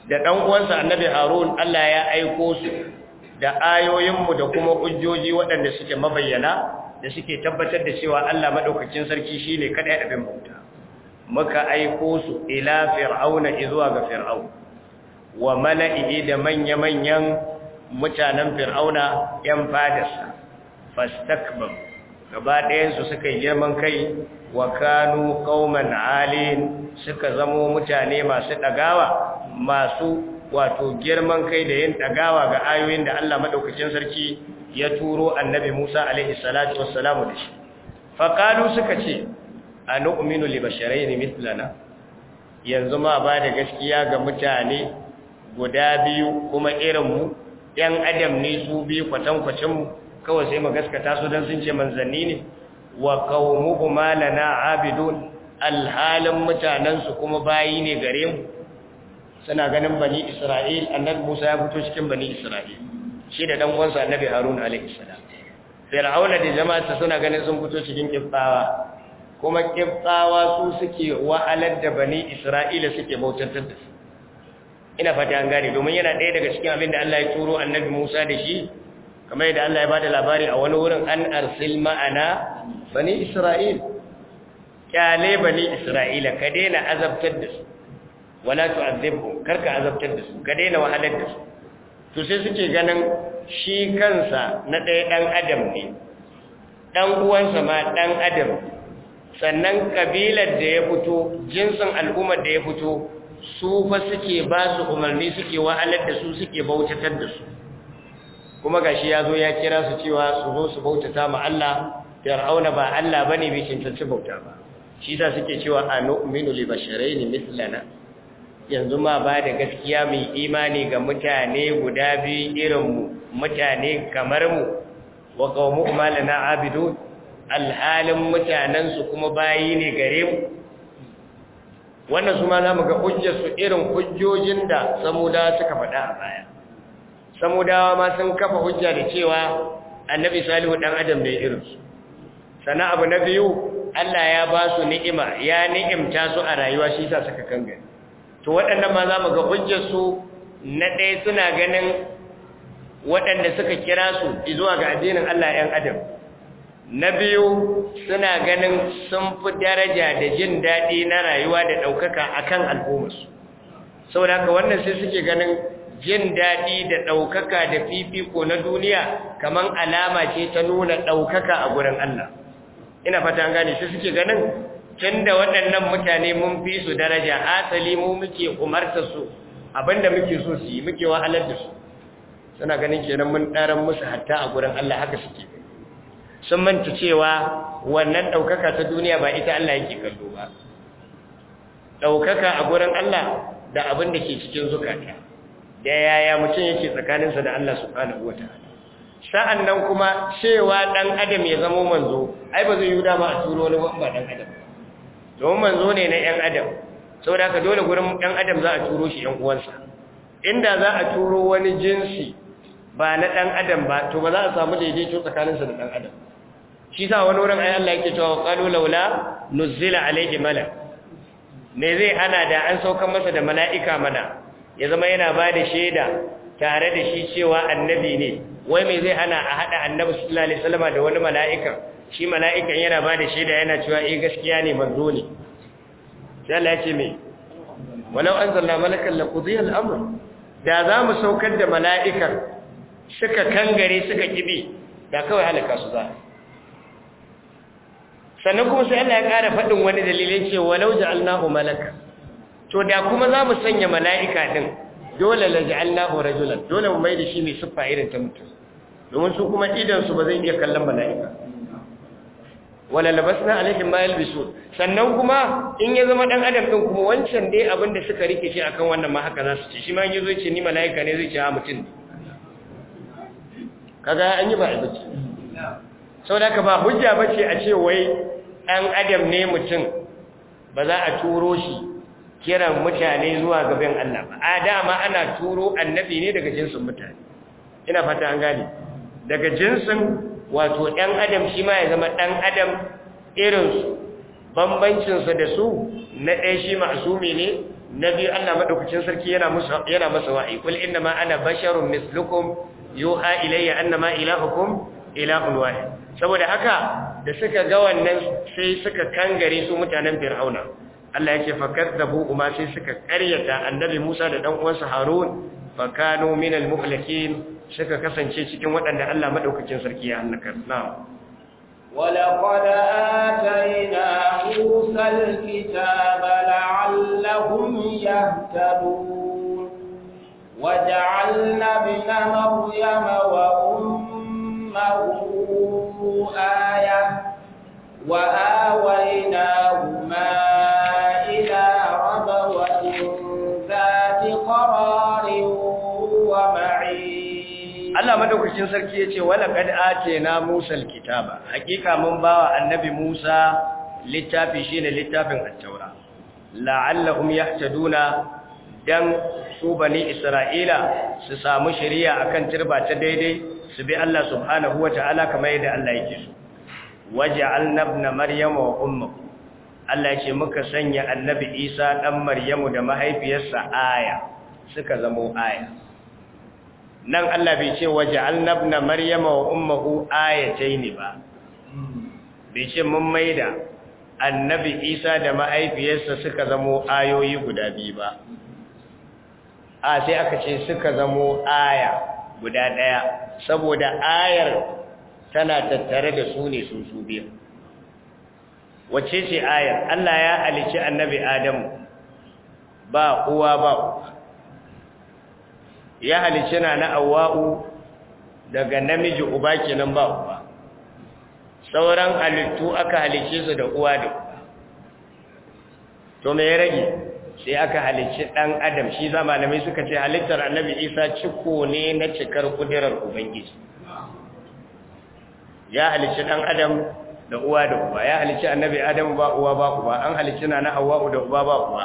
da ɗan uwansa annabi Harun Allah ya aiko su da ayoyinmu da kuma hujjoji waɗanda suke mabayyana da suke tabbatar da cewa Allah maɗaukacin sarki shi ne kadai abin bauta muka aiko su ila fir'auna zuwa ga fir'aun wa mala'ihi da manya-manyan mutanen fir'auna yan fadarsa fastakbam gaba ɗayan suka yi girman kai wa kanu qauman alin suka zamo mutane masu ɗagawa masu wato girman kai da yin dagawa ga ayoyin da Allah madaukakin sarki ya turo annabi Musa alaihi salatu wassalamu da shi faqalu suka ce anu'minu li basharayn mithlana yanzu ma ba da gaskiya ga mutane guda biyu kuma irin mu ɗan adam ne su biyu kwatankwacin mu kawai sai mu gaskata su dan sun ce manzanni ne wa qaumuhuma lana abidun alhalin mutanansu kuma bayi ne gare mu suna ganin bani isra'il annan musa ya fito cikin bani isra'il shi da dan uwansa annabi harun alaihi salam fir'auna da jama'arsa suna ganin sun fito cikin kibtawa kuma kibtawa su suke wa'alar da bani isra'ila suke bautantar da su ina fata an gane domin yana ɗaya daga cikin abin da Allah ya turo annabi musa da shi kamar yadda Allah ya bada labari a wani wurin an arsil ma'ana bani isra'il kyale bani isra'ila ka daina azabtar da su wala tu'adhibhum karka azabtar da su ka daina wahalar da su to sai suke ganin shi kansa na ɗaya ɗan adam ne ɗan uwansa ma ɗan adam sannan kabilar da ya fito jinsin al'ummar da ya fito su fa suke ba su umarni suke wahalar da su suke bautatar da su kuma gashi ya zo ya kira su cewa su zo su bautata ma Allah fir'auna ba Allah bane bai cancanci bauta ba shi da suke cewa a nu'minu li basharaini mithlana yanzu ma ba da gaskiya mai imani ga mutane guda biyu irinmu mutane kamar mu wa qaumu malana abidun alhalin mutanensu kuma bayi ne gare mu wannan su ma za mu ga hujjarsu irin hujjojin da samuda suka faɗa a baya samudawa ma sun kafa hujja da cewa annabi salihu dan adam bai irin su. sana abu na biyu allah ya ba su ni'ima ya ni'imta su a rayuwa shi sa suka kangare to waɗannan ma za mu ga hujjarsu na ɗaya suna ganin waɗanda suka kira su zuwa ga addinin Allah ‘yan adam na biyu suna ganin sun fi daraja da jin daɗi na rayuwa da ɗaukaka a kan al'ummarsu sau da wannan sai suke ganin jin daɗi da ɗaukaka da fifiko na duniya kamar alama ce ta nuna ɗaukaka a gurin Allah ina fata gane sai suke ganin tun da waɗannan mutane mun fi su daraja asali mu muke umarta su abinda muke so su yi muke wahalar da su suna ganin kenan mun ɗaran musu hatta a gurin Allah haka suke sun manta cewa wannan ɗaukaka ta duniya ba ita Allah yake kallo ba ɗaukaka a gurin Allah da abin da ke cikin zukata da yaya mutum yake tsakaninsa da Allah subhanahu wataala sa'an nan kuma cewa ɗan adam ya zamo manzo ai ba zai yi dama a turo wani ba ɗan adam domin manzo ne na ɗan adam saboda haka dole gurin ɗan adam za a turo shi ɗan uwansa inda za a turo wani jinsi ba na ɗan adam ba to ba za a samu daidaito tsakaninsa da ɗan adam shi sa wani wurin ayi Allah yake cewa qalu laula nuzila alayhi malak me zai ana da an saukar masa da mala'ika mana ya zama yana ba da shaida tare da shi cewa annabi ne wai me zai hana a haɗa annabi sallallahu alaihi wasallam da wani mala'ika shi mala'ikan yana ba da shaida yana cewa eh gaskiya ne manzo ne sai Allah ya ce me walau anzalna malakan laqudiya al-amr da za mu saukar da mala'ikan suka kangare suka kibi da kawai halaka su za sannan kuma sai Allah ya ƙara faɗin wani dalilin ce walau ja'alnahu malaka to da kuma za mu sanya mala'ika din dole la ja'alnahu rajulan dole mu mai da shi mai siffa irin ta mutum domin su kuma idan su ba zai iya kallon mala'ika wala labasna alaihim ma yalbisun sannan kuma in ya zama dan adam din kuma wancan dai abin da suka rike shi akan wannan ma haka za su ce shi ma yazo yace ni malaika ne zai ce a ah, mutun kaga an yi ba azuci saboda ka ba hujja bace a ce wai dan adam ne mutum ba za a turo shi kiran mutane zuwa gaban Allah ba a dama ana turo annabi ne daga jinsin mutane ina fata an gane daga jinsin wato ɗan adam shi ma ya zama ɗan adam irinsu bambancinsa da su na ɗaya shi ma'asumi ne na biyu allah maɗaukacin sarki yana masa wa'i kul inna ma ana basharun mislukum yuha ilayya annama ilahukum ilahun wahid saboda haka da suka ga wannan sai suka kangare su mutanen fir'auna Allah yake fakazzabu kuma sai suka karyata annabi Musa da dan uwansa Harun fakanu minal muhlakin suka kasance cikin waɗanda Allah madaukakin sarki ya halaka na'am ولقد آتينا موسى الكتاب لعلهم يهتدون وجعلنا ابن مريم وأمه آية وآويناهما madaukakin sarki yace wala qad na Musa alkitaba hakika mun bawa annabi Musa littafi shine littafin at-taura la'allahum duna dan su bani Isra'ila su samu shari'a akan turba ta daidai su bi Allah subhanahu ta'ala kamar yadda Allah yake so waja'alna na maryama wa ummuhu Allah ce muka sanya annabi Isa dan Maryamu da mahaifiyarsa aya suka zamo aya nan Allah bai ce waje annabna maryama wa ummuhu ayataini ba bai ce mun maida annabi Isa da ma'aifiyarsa suka zamo ayoyi guda biyu ba a sai aka ce suka zamo aya guda daya saboda ayar tana tattare da su ne su su biyu wacce ce ayar Allah ya alici annabi Adamu ba uwa ba ya halice na na awa'u daga namiji uba kenan ba uba sauran halittu aka halicce su da uwa da uba to me ya rage sai aka halice dan adam shi za malamai suka ce halittar annabi isa ciko ne na cikar kudirar ubangiji ya halice dan adam da uwa da uba ya halice annabi adam ba uwa ba uba an halice na na hawa'u da uba ba uba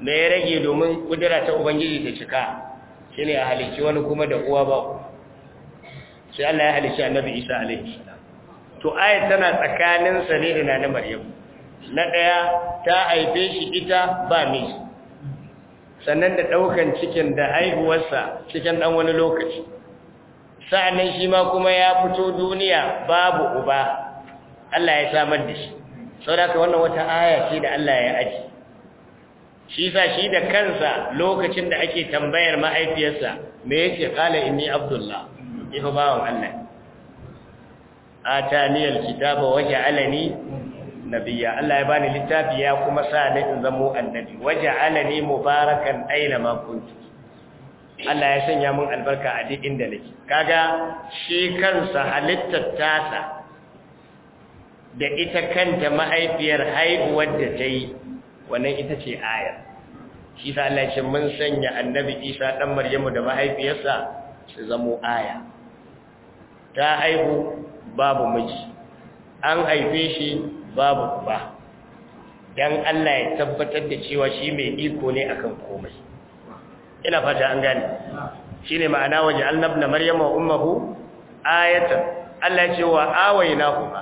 me ya rage domin kudura ta ubangiji ta cika ne a halicci wani kuma da uwa ba sai Allah ya halicci annabi Isa alaihi to ayat tana tsakanin sanidu ne da na Maryam na daya ta haife shi ita ba ni sannan da ɗaukan cikin da haihuwarsa cikin ɗan wani lokaci sa'annan shi ma kuma ya fito duniya babu uba Allah ya samar da shi saboda wannan wata aya ce da Allah ya aji shi sa shi da kansa lokacin da ake tambayar mahaifiyarsa me yake kala inni abdullah ifa bawan Allah ataniyal kitaba waje alani nabiyya Allah ya bani littafi ya kuma sa ni in zamo annabi waje alani mubarakan aina ma kuntu Allah ya sanya mun albarka a duk inda nake kaga shi kansa halittar tasa da ita kanta mahaifiyar haihuwar da ta yi wannan ita ce ayar shi sa Allah ce mun sanya annabi Isa dan Maryamu da mahaifiyarsa su zamo aya ta haihu babu miji an haife shi babu ba dan Allah ya tabbatar da cewa shi mai iko ne akan komai ina fata an gane shine ma'ana waje annabna Maryam wa ummuhu ayatan Allah ya ce wa kuma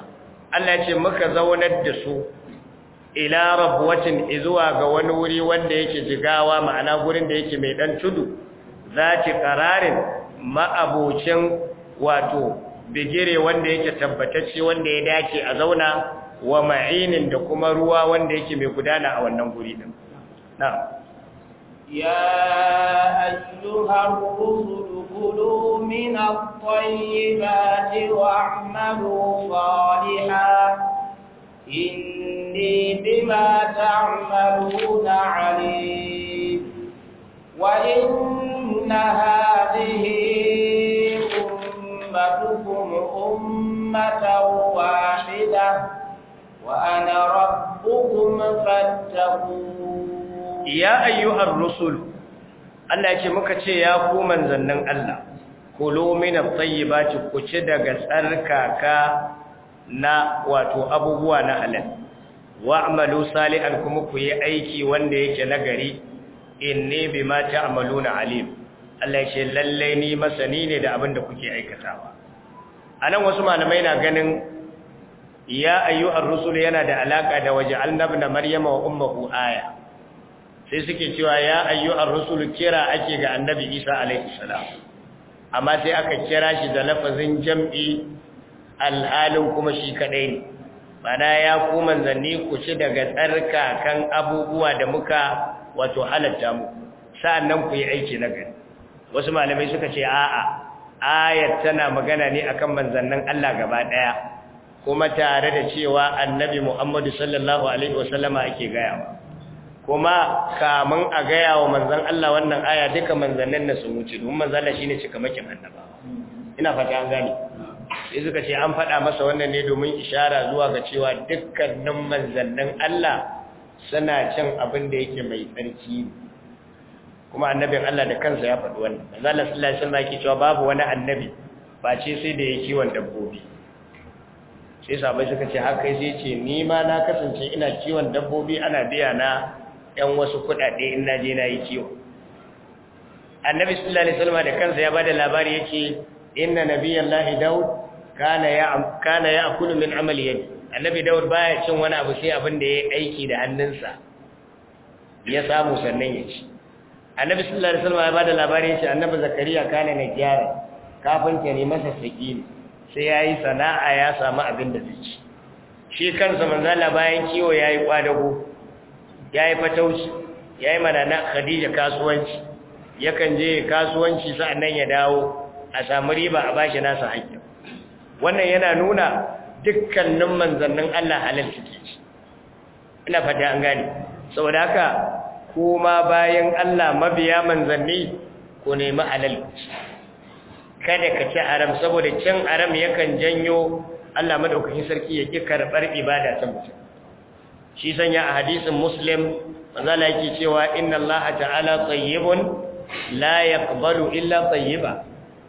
Allah ya ce muka zaunar da su ila rabwatin izuwa ga wani wuri wanda yake jigawa ma'ana gurin da yake mai dan tudu zati qararin ma'abocin wato bigire wanda yake tabbatacce wanda ya dace a zauna wa ma'inin da kuma ruwa wanda yake mai gudana a wannan guri din na ya ayyuhar rusulu min at-tayyibati wa'malu salihan إني بما تعملون عليم وإن هذه أمتكم أمة واحدة وأنا ربكم فاتقون يا أيها الرسل Allah ya ce muka ce ya ku manzannin Allah, kulo mina ku ce daga tsarkaka na wato abubuwa na halittu. wa amalu salihan kuma ku yi aiki wanda yake nagari inni bima ta'maluna alim Allah ya ce lalle ni masani ne da abinda da kuke aikatawa anan wasu malamai na ganin ya ayyuhar rusul yana da alaka da waje annabna maryama wa ummuhu aya sai suke cewa ya rusulu rusul kira ake ga annabi Isa alaihi salam amma sai aka kira shi da lafazin jam'i alhalin kuma shi kadai ne mana ya ku manzanni ku ci daga tsarka kan abubuwa da muka wato halatta mu sa'annan ku yi aiki na gani wasu malamai suka ce a'a ayat tana magana ne akan manzannin Allah gaba daya kuma tare da cewa annabi Muhammad sallallahu alaihi wasallama ake gayawa kuma kamun a gaya wa manzan Allah wannan aya duka manzannin na sun wuce domin manzan Allah shine annabawa ina fata an gane sai suka ce an faɗa masa wannan ne domin ishara zuwa ga cewa dukkanin manzannin Allah suna cin abin da yake mai tsarki kuma annabin Allah da kansa ya faɗi wannan da Allah sallallahu alaihi wasallam yake cewa babu wani annabi ba ce sai da yake kiwon dabbobi sai sabai suka ce haka sai ce ni ma na kasance ina kiwon dabbobi ana biya na ɗan wasu kuɗaɗe in na je na yi kiwo annabi sallallahu alaihi wasallam da kansa ya bada labari yake inna nabiyallahi daud kana ya kana ya'kulu min amali yadi annabi daud baya cin wani abu sai abin da ya aiki da hannunsa ya samu sannan ya ci annabi sallallahu alaihi wasallam ya bada labarin shi annabi zakariya kana na gyara kafin ke ne masa sakini sai yayi sana'a ya samu abin da zai ci shi kansa manzala bayan kiwo yayi kwadago yayi fatauci yayi manana khadija kasuwanci yakan je kasuwanci sa'annan ya dawo a samu riba a bashi nasa haƙƙin wannan yana nuna dukkanin manzannin Allah halal suke ina fata an gane saboda haka kuma bayan Allah mabiya manzanni ku nemi halal kada ka ci aram saboda cin aram yakan janyo Allah madaukakin sarki ya ki karɓar ibada ta mutum shi sanya a hadisin muslim manzala yake cewa inna Allah ta'ala tayyibun la yaqbalu illa tayyiba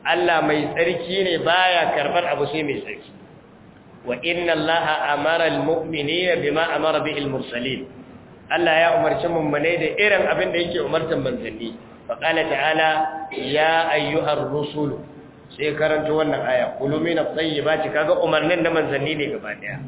Allah mai tsarki ne baya karbar abu sai mai tsarki wa inna Allaha amara almu'minina bima amara bihi almursalin Allah ya umarci mummune da irin abin da yake umartan manzanni fa qala ta'ala ya ayyuhar rusul sai karanta wannan aya kulu min at-tayyibati kaga umarnin da manzanni ne gaba daya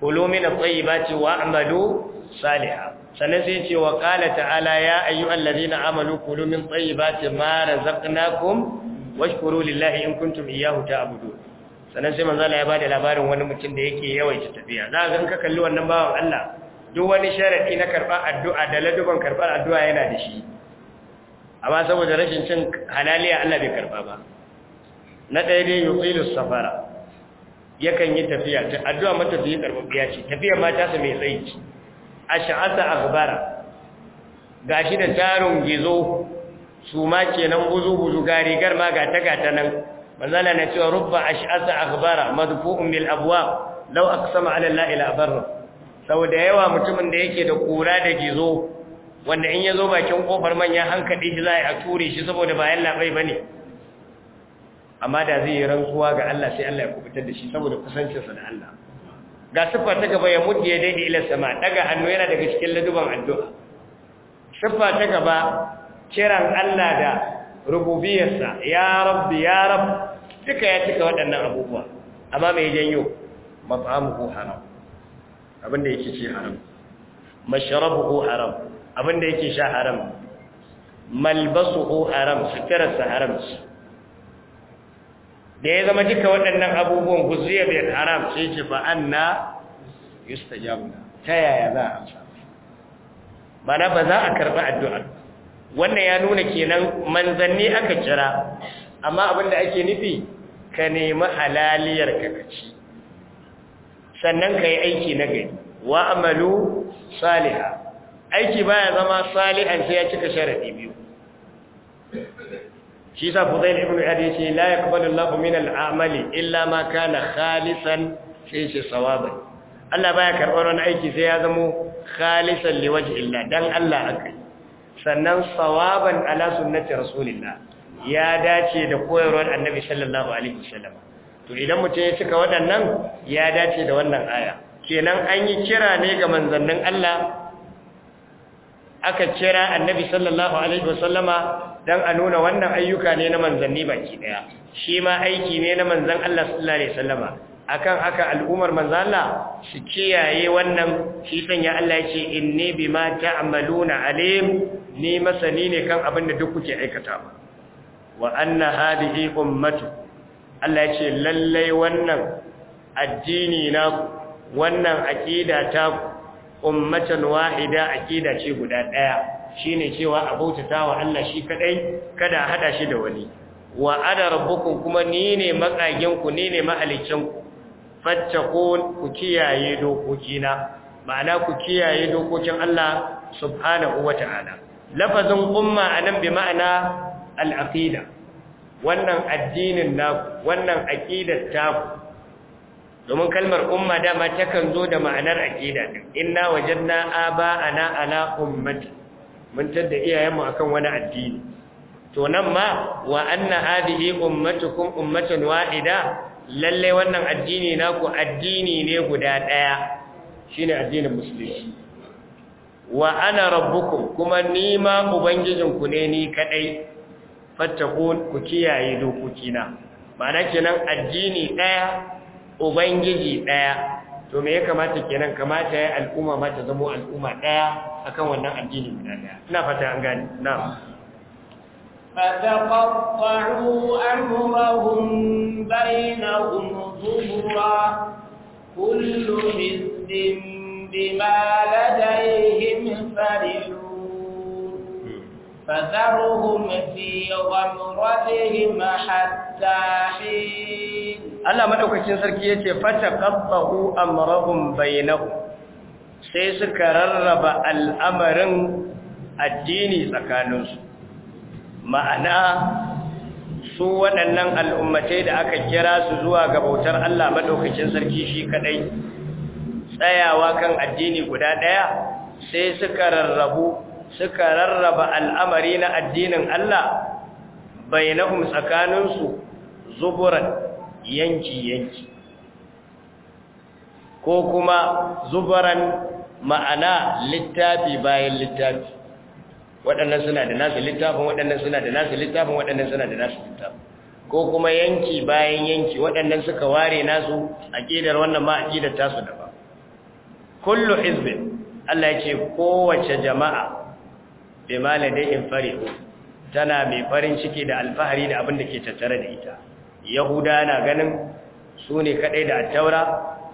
kulu min at-tayyibati wa'malu Saliha, sannan sai ce wa qala ta'ala ya ayyuhal ladina amanu kulu min tayyibati ma razaqnakum washkuru lillahi in kuntum iyyahu ta'budu sannan sai manzo Allah ya bada labarin wani mutum da yake yawaita tafiya za ga in ka kalli wannan bawan Allah duk wani sharadi na karba addu'a da laduban karbar addu'a yana da shi amma saboda rashin cin halaliya Allah bai karba ba na ɗaya dai yuqilu safara yakan yi tafiya ta addu'a karba biya ce tafiya ma ta sa mai tsayi ash'asa akhbara gashi da tarun gizo su ma kenan buzu buzu ga rigar ma ga ta gata nan manzala na cewa rubba ash'asa akhbara madfu'un bil abwab law aqsama ala la ila barra da yawa mutumin da yake da kura da gizo wanda in yazo bakin kofar manya hankali shi zai a ture shi saboda ba yalla bai bane amma da zai yi rantsuwa ga Allah sai Allah ya kubutar da shi saboda kusancinsa da Allah ga siffa ta gaba ya muddi ya daidai ila sama daga hannu yana daga cikin laduban addu'a siffa ta gaba kiran Allah da rububiyarsa ya rabbi ya rab duka ya cika waɗannan abubuwa amma mai janyo mat'amuhu haram abinda yake ci haram masharabuhu haram abinda yake sha haram malbasuhu haram sutararsa haram da ya zama duka waɗannan abubuwan guziya bai haram sai ce fa anna yustajabu ta yaya za a amsa mana ba za a karɓi addu'a wannan ya nuna kenan manzanni aka kira amma abinda ake nufi ka nemi halaliyar ka sannan ka yi aiki na gari wa amalu saliha aiki baya zama salihan sai ya cika sharadi biyu shi sa fuzail ibn adi ce la yaqbalu Allahu min al-amali illa ma kana khalisan sai shi sawabai Allah baya karɓar wani aiki sai ya zamo khalisan liwaji illa don Allah akai sannan sawaban ala sunnati rasulillah ya dace da koyarwar annabi sallallahu alaihi wasallam to idan mutum ya cika waɗannan ya dace da wannan aya kenan an yi kira ne ga manzannin Allah aka kira annabi sallallahu alaihi wasallama dan a nuna wannan ayyuka ne na manzanni baki daya shi ma aiki ne na manzan Allah sallallahu alaihi wasallama akan haka al'umar manzan Allah su kiyaye wannan shi sanya Allah ya ce inni bima ta'maluna alim ni masani ne kan abin da duk kuke aikata ba wa anna hadhihi ummatu Allah ya ce lallai wannan addini na wannan aqida ta ummatan wahida aqida ce guda daya shine cewa abautata wa Allah shi kadai kada hada shi da wani wa ana rabbukum kuma ni ne makagin ku ni ne mahalicin ku fattaqun ku kiyaye dokokina ma'ana ku kiyaye dokokin Allah subhanahu wata'ala lafazin umma nan bi ma'ana al wannan addinin naku wannan aqidar taku domin kalmar umma dama takan zo da ma'anar aqida din inna wajadna aba'ana ala ummati mun tada iyayenmu akan wani addini to nan ma wa anna hadhihi ummatukum ummatan wahida lallai wannan addini naku addini ne guda Shi shine addinin musulunci wa ana rabbukum kuma ni ma ubangijinku ne ni kadai fattakun ku kiyaye dokokina ma'ana kenan addini daya ubangiji daya to me ya kamata kenan kamata ya al'umma ma ta zama al'umma daya akan wannan addini guda daya ina fata an gane na'am فتقطعوا أمرهم بينهم ظهرا كل حزب بما لديهم فرلون فذرهم في غمرتهم حتى حين Allah madaukakin sarki yace fataqabbu amrahum bainahu sai suka rarraba al'amarin addini tsakaninsu ma'ana su waɗannan al'ummatai da aka kira su zuwa ga bautar Allah madaukakin sarki shi kadai tsayawa kan addini guda ɗaya sai suka rarrabu suka rarraba al'amari na addinin Allah bainahum tsakaninsu zuburan yanki-yanki ko kuma zuburan ma'ana littafi bayan littafi waɗannan suna da nasu littafin waɗannan suna da nasu littafin waɗannan suna da nasu littafin ko kuma yanki bayan yanki waɗannan suka ware nasu aƙidar wannan ma aƙidar tasu daban kullu hizbin Allah ya kowace jama'a bi maladin farihu tana mai farin ciki da alfahari da abin da ke tattare da ita yahuda na ganin su ne kadai da taura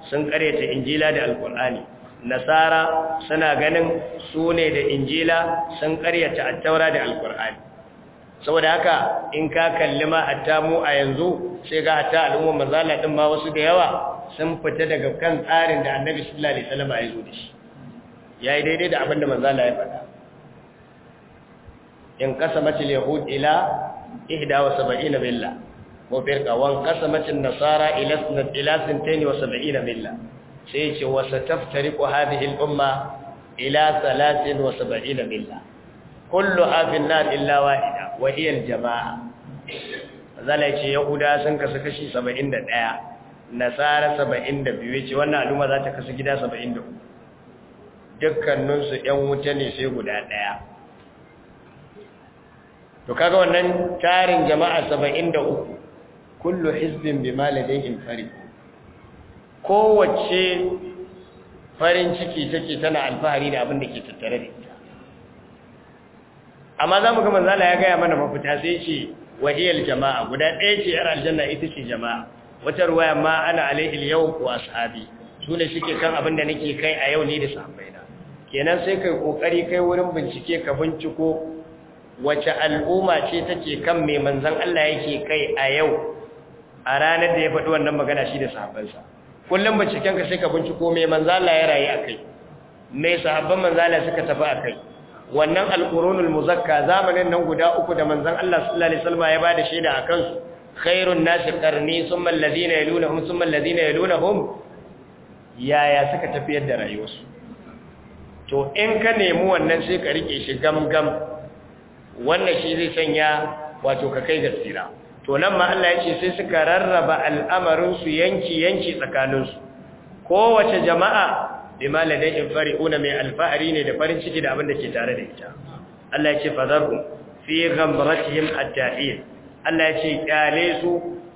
sun kareta injila da alkur'ani nasara suna ganin su ne da injila sun karyata taura da alkur'ani saboda haka in ka kalli ma hatta mu a yanzu sai ga hatta al'umma mazala din ma wasu da yawa sun fita daga kan tsarin da annabi sallallahu alaihi wasallam ya zo da shi yayi daidai da abin da manzo Allah ya faɗa in kasamatil yahud ila 71 billah ko firqa wan kasamatin nasara ila ila 72 billah sai ce wasataftariqu hadhihi al umma ila 73 billah kulluha fi an-nar illa wahida wa hiya al-jamaa zalai ce yahuda sun kasu kashi 71 nasara saba'in da biyu ce wannan al'umma za ta kasu gida saba'in da uku dukkaninsu 'yan wuta ne sai guda ɗaya to kaga wannan tarin jama'a saba'in da uku kullu hizbin bi in fari kowace farin ciki take tana alfahari da abin da ke tattare da ita amma za mu ga manzala ya gaya mana mafita sai ce wahiyar jama'a guda ɗaya ce yar aljanna ita ce jama'a wata ruwaya ma ana alaihi yau ko ashabi su ne suke kan abin da nake kai a yau ne da sahabbaina kenan sai kai kokari kai wurin bincike ka binciko wace al'umma ce take kan mai manzon Allah yake kai a yau a ranar da ya faɗi wannan magana shi da sahabbansa kullum binciken ka sai ka binciko mai manzon Allah ya rayu akai mai sahabban manzon Allah suka tafi akai wannan alqurunul muzakka zamanin nan guda uku da manzon Allah sallallahu alaihi wasallam ya bada shaida akan su khairun nashi karni sun mallazi na yalu na hum sun mallazi na yalu hum yaya suka tafiyar da rayuwarsu to in ka nemi wannan sai ka rike shi gam-gam wannan shi zai sanya wato ka kai ga to nan ma Allah ya ce sai suka rarraba al'amarinsu yanki-yanki tsakaninsu kowace jama'a bima ladayhim fari'una mai alfahari ne da farin ciki da abin da ke tare da ita Allah ya ce fazarhum fi ghamratihim at-ta'in Allah ya ce kyale su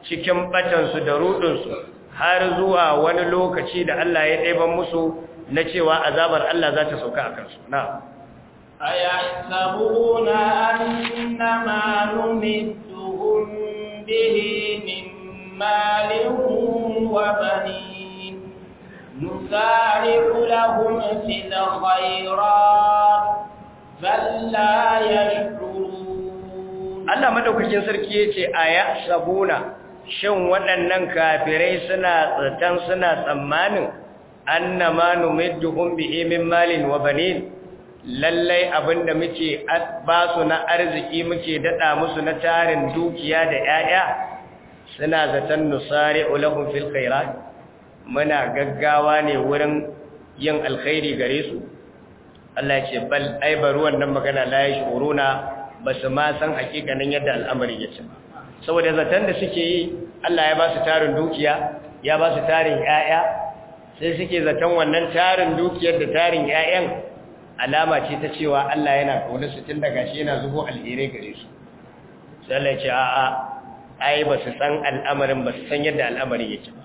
cikin ɓatansu da rudinsu har zuwa wani lokaci da Allah ya ɗaiban musu na cewa azabar Allah za ta sauka a kansu na ayahsabuna annama numidduhum bihi min malin wa bani. nusari'u lahum fil khairat bal la Allah madaukakin sarki yace aya sabuna shin waɗannan kafirai suna tsatan suna tsammanin annama numidduhum bihi min malin wa banin lallai abinda muke ba su na arziki muke dada musu na tarin dukiya da 'ya'ya suna zaton nusari ulahum fil khairat muna gaggawa ne wurin yin alkhairi gare su Allah ce bal ai baruwan nan magana la yashuruna ba su ma san hakikanin yadda al'amari ya ce saboda zaton da suke yi Allah ya ba su tarin dukiya ya ba su tarin 'ya'ya sai suke zaton wannan tarin dukiyar da tarin 'ya'yan alama ce ta cewa Allah yana kaunar su tun daga shi yana zubo alherai gare su sai Allah ya ce a'a ai ba su san al'amarin ba su san yadda al'amarin ya ba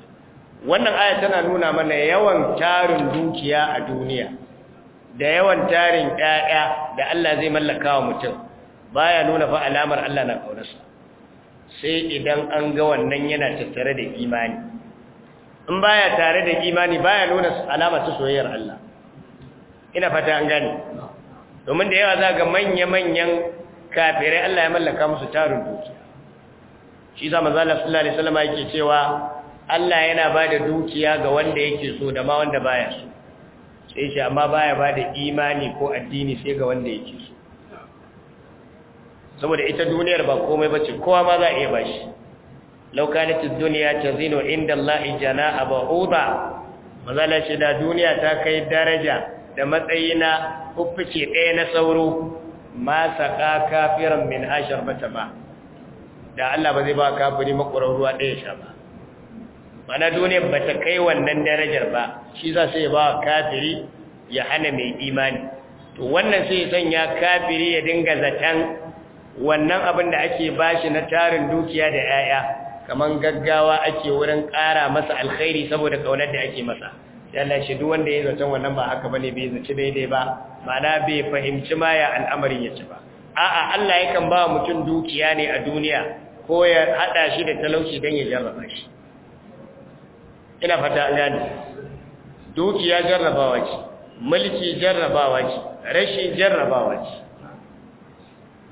wannan aya tana nuna mana yawan tarin dukiya a duniya da yawan tarin ƴaƴa da Allah zai mallaka wa mutum baya nuna fa alamar Allah na kaunarsa sai idan an ga wannan yana tattare da imani in baya tare da imani baya nuna alamar ta soyayyar Allah ina fata an gane domin da yawa za ga manya-manyan kafirai Allah ya mallaka musu tarin dukiya shi za manzala sallallahu alaihi wasallam yake cewa Allah yana ba da dukiya ga wanda yake so da ma wanda baya so sai shi amma baya ba da imani ko addini sai ga wanda yake saboda ita duniyar ba komai bace kowa ma za a iya bashi law kanat duniya ta zino inda Allah jana'a ba'uda mazala shi da duniya ta kai daraja da matsayi na kuffice ɗaya na sauro ma saƙa kafiran min ashar mata ba da Allah ba zai ba kafiri makwarar ruwa ɗaya sha ba mana duniyar ba ta kai wannan darajar ba shi za su yi ba kafiri ya hana mai imani to wannan sai sanya kafiri ya dinga zaton wannan abin da ake bashi na tarin dukiya da 'ya'ya kaman gaggawa ake wurin ƙara masa alkhairi saboda kaunar da ake masa yalla shi duk wanda ya zaton wannan ba haka bane bai zaci daidai ba ma'ana bai fahimci ma ya al'amarin ya ci ba a'a Allah yakan ba mutum dukiya ne a duniya ko ya hada shi da talauci dan ya jarraba shi ina fata an gane dukiya jarrabawa ce mulki jarrabawa ce rashin jarrabawa ce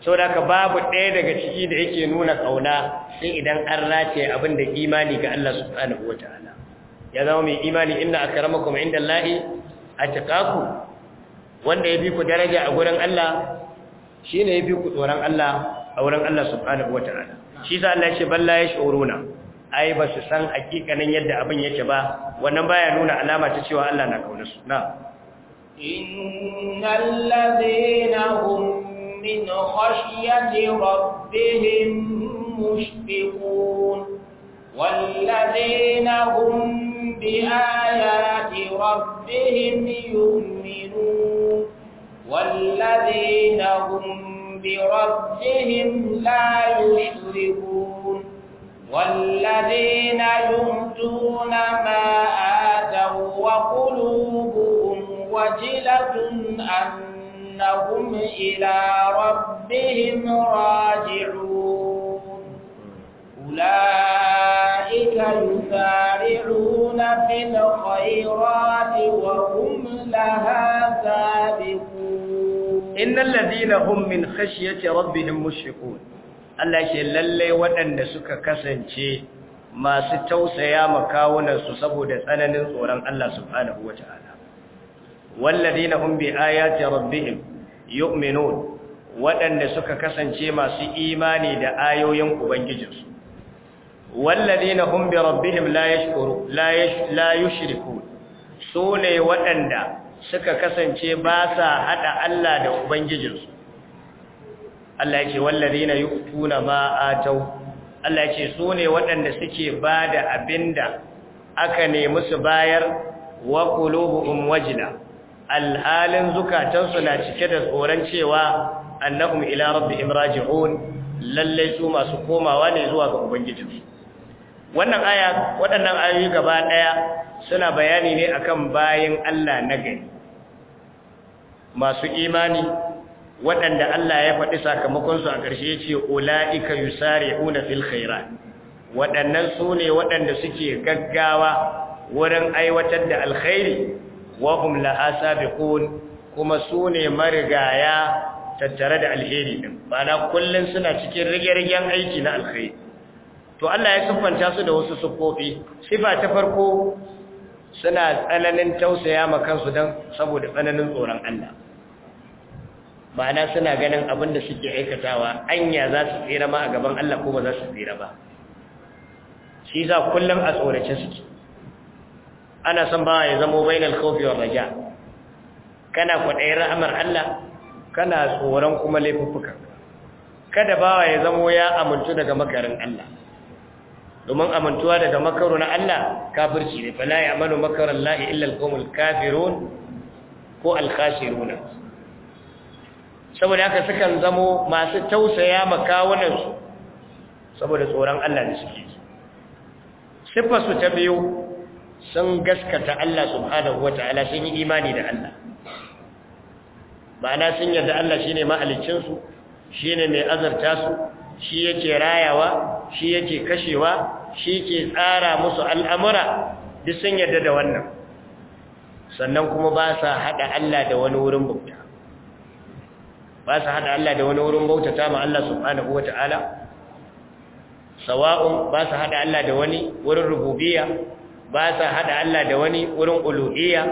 saboda ka babu ɗaya daga ciki da yake nuna ƙauna, sai idan an race abin da imani ga Allah subhanahu ta'ala ya zama mai imani inna akramakum indallahi atqakum wanda ya bi ku daraja a gurin Allah shine ya bi ku tsoron Allah a wurin Allah subhanahu ta'ala, shi sa Allah ya ce balla yashuruna ai ba su san hakikanin yadda abin yake ba wannan baya nuna alama ta cewa Allah na ƙaunar su na innal ladina hum من خشية ربهم مشفقون والذين هم بآيات ربهم يؤمنون والذين هم بربهم لا يشركون والذين يؤتون ما آتوا وقلوبهم وجلة أن إنهم إلى ربهم راجعون أولئك يسارعون في الخيرات وهم لها سابقون إن الذين هم من خشية ربهم مشفقون Allah ke lallai waɗanda suka kasance masu tausaya makawunansu saboda tsananin tsoron Allah subhanahu wa ta'ala. والذين هم بآيات ربهم يؤمنون waɗanda suka kasance masu imani da ayoyin ubangijinsu wallazina hum bi rabbihim la yashkuru la yushriku sune waɗanda suka kasance ba sa hada Allah da ubangijinsu Allah yake wallazina yu'tuna ma atau Allah yake sune waɗanda suke bada abinda aka nemi su bayar wa qulubuhum wajila alhalin zukatansu na cike da tsoron cewa annahum ila rabbihim raji'un lalle su masu komawa ne zuwa ga ubangijinsu wannan aya waɗannan ayoyi gaba ɗaya suna bayani ne akan bayin Allah na gari masu imani waɗanda Allah ya faɗi sakamakonsu a ƙarshe ya ce ula'ika yusari'una fil khairat waɗannan su ne waɗanda suke gaggawa wurin aiwatar da alkhairi wa hum kuma sune marigaya tattare da alheri din bana kullun suna cikin rige-rigen aiki na alkhairi to Allah ya siffanta su da wasu kofi, sifa ta farko suna tsananin tausaya ma kansu dan saboda tsananin tsoron Allah ma'ana suna ganin abin suke aikatawa anya za su tsira ma a gaban Allah ko ba za su tsira ba shi za kullum a tsorace suke ana son ba ya zamo bainal khawfi war raja kana kwaɗayin rahamar Allah kana tsoron kuma laifuffuka kada bawa ya zamo ya amintu daga makarin Allah domin amintuwa daga makaru na Allah kafirci ne fala ya amanu makaran lahi illa alqawmul kafirun ko alkhasiruna saboda haka sukan zamo masu tausaya su saboda tsoron Allah da suke su siffarsu ta biyu sun gaskata Allah subhanahu ta'ala sun yi imani da Allah ma'ana sun yarda Allah shi ne ma'alicinsu shi ne mai azarta su shi yake rayawa shi yake kashewa shi ke tsara musu al'amura duk sun yarda da wannan sannan kuma ba sa haɗa Allah da wani wurin bauta ba sa haɗa Allah da wani wurin bauta ta ma Allah subhanahu wataala sawa'un ba sa haɗa Allah da wani wurin rububiyya ba sa hada Allah da wani wurin uluhiyya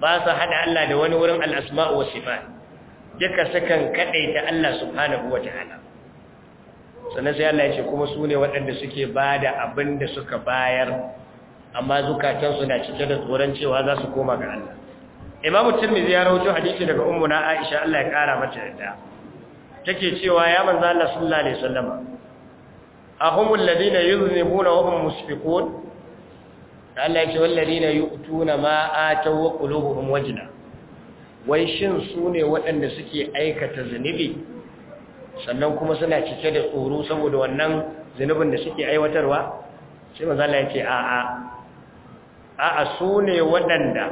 ba sa hada Allah da wani wurin al'asma'u asmau was sifat duka sukan kadaita Allah subhanahu wataala sannan sai Allah ya ce kuma su ne waɗanda suke da abin da suka bayar amma zukatansu na cike da tsoron cewa za su koma ga Allah Imam Tirmidhi ya rawaito hadisi daga Ummu na Aisha Allah ya kara mata Ta take cewa ya manzo Allah sallallahu alaihi wasallam ahumul ladina yuznibuna wa hum musfiqun Allah ya ce wallazina yu'tuna ma ataw wa qulubuhum wajna wai shin su ne waɗanda suke aikata zunubi sannan kuma suna cike da tsoro saboda wannan zunubin da suke aiwatarwa sai manzo Allah ya ce a a a a su ne waɗanda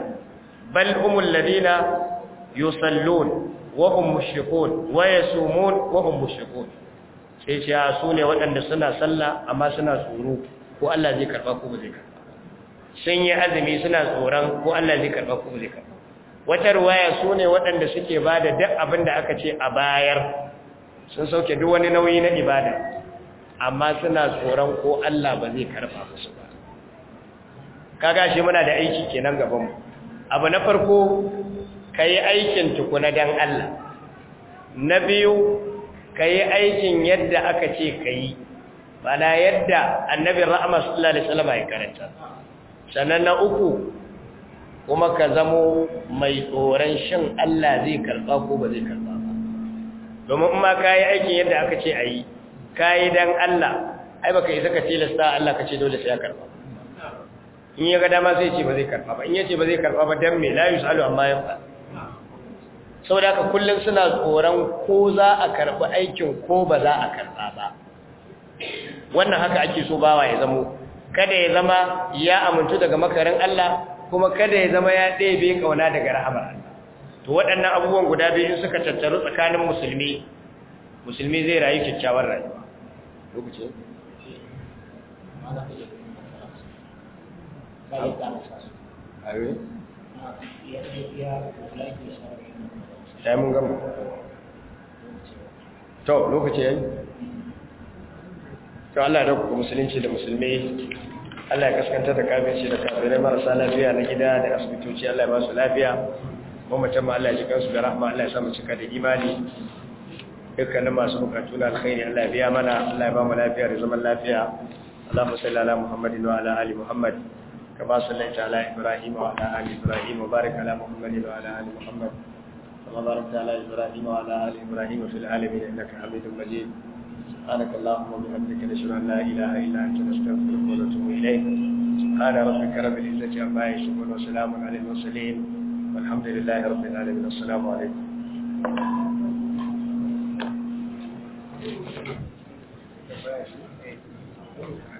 bal humul ladina yusallun wa hum mushrikun wa yasumun wa hum mushrikun sai ce a su ne waɗanda suna sallah amma suna tsoro ko Allah zai karba ko ba zai karba sun yi azumi suna tsoron ko Allah zai karɓa ko zai karɓa wata ruwaya su ne waɗanda suke ba da duk abin da aka ce a bayar sun sauke duk wani nauyi na ibada amma suna tsoron ko Allah ba zai karɓa musu ba kaga shi muna da aiki kenan gabanmu abu na farko ka yi aikin tukuna don Allah na biyu ka yi aikin yadda aka ce ka yi bana yadda Annabi Rahma sallallahu alaihi wasallam ya karanta sannan na uku kuma ka zamo mai tsoron shin Allah zai karɓa ko ba zai karɓa ba domin ma ka yi aikin yadda aka ce a yi ka yi don Allah ai ba ka isa ka tilasta Allah ka ce dole sai ya karɓa in ya ga dama sai ce ba zai karɓa ba in ya ce ba zai karɓa ba don me la yusalu amma ya fa da haka kullum suna tsoron ko za a karɓi aikin ko ba za a karɓa ba wannan haka ake so bawa ya zamo kada ya zama ya amintu daga makarin Allah kuma kada ya zama ya ɗebe kauna daga rahamar Allah to waɗannan abubuwan guda biyu suka tattaru tsakanin musulmi musulmi zai rayu kyakkyawar rayuwa lokaci to to Allah da kuka musulunci da musulmi Allah ya kaskanta da kafinci da kafirai marasa lafiya na gida da asibitoci Allah ya ba su lafiya mamatan ma Allah ya jikan su da rahma Allah ya sa mu cika da imani dukkanin masu bukatu na alkhairi Allah ya biya mana Allah ya ba mu lafiya da zaman lafiya Allahumma salli ala Muhammadin wa ala ali Muhammad كما صليت على إبراهيم وعلى آل إبراهيم وبارك على محمد وعلى آل محمد كما باركت على إبراهيم وعلى آل إبراهيم في العالمين إنك حميد مجيد سبحانك اللهم وبحمدك نشهد ان لا اله الا انت نستغفرك ونتوب اليك سبحان ربك رب العزه عما يصفون وسلام على المرسلين والحمد لله رب العالمين السلام عليكم Thank you.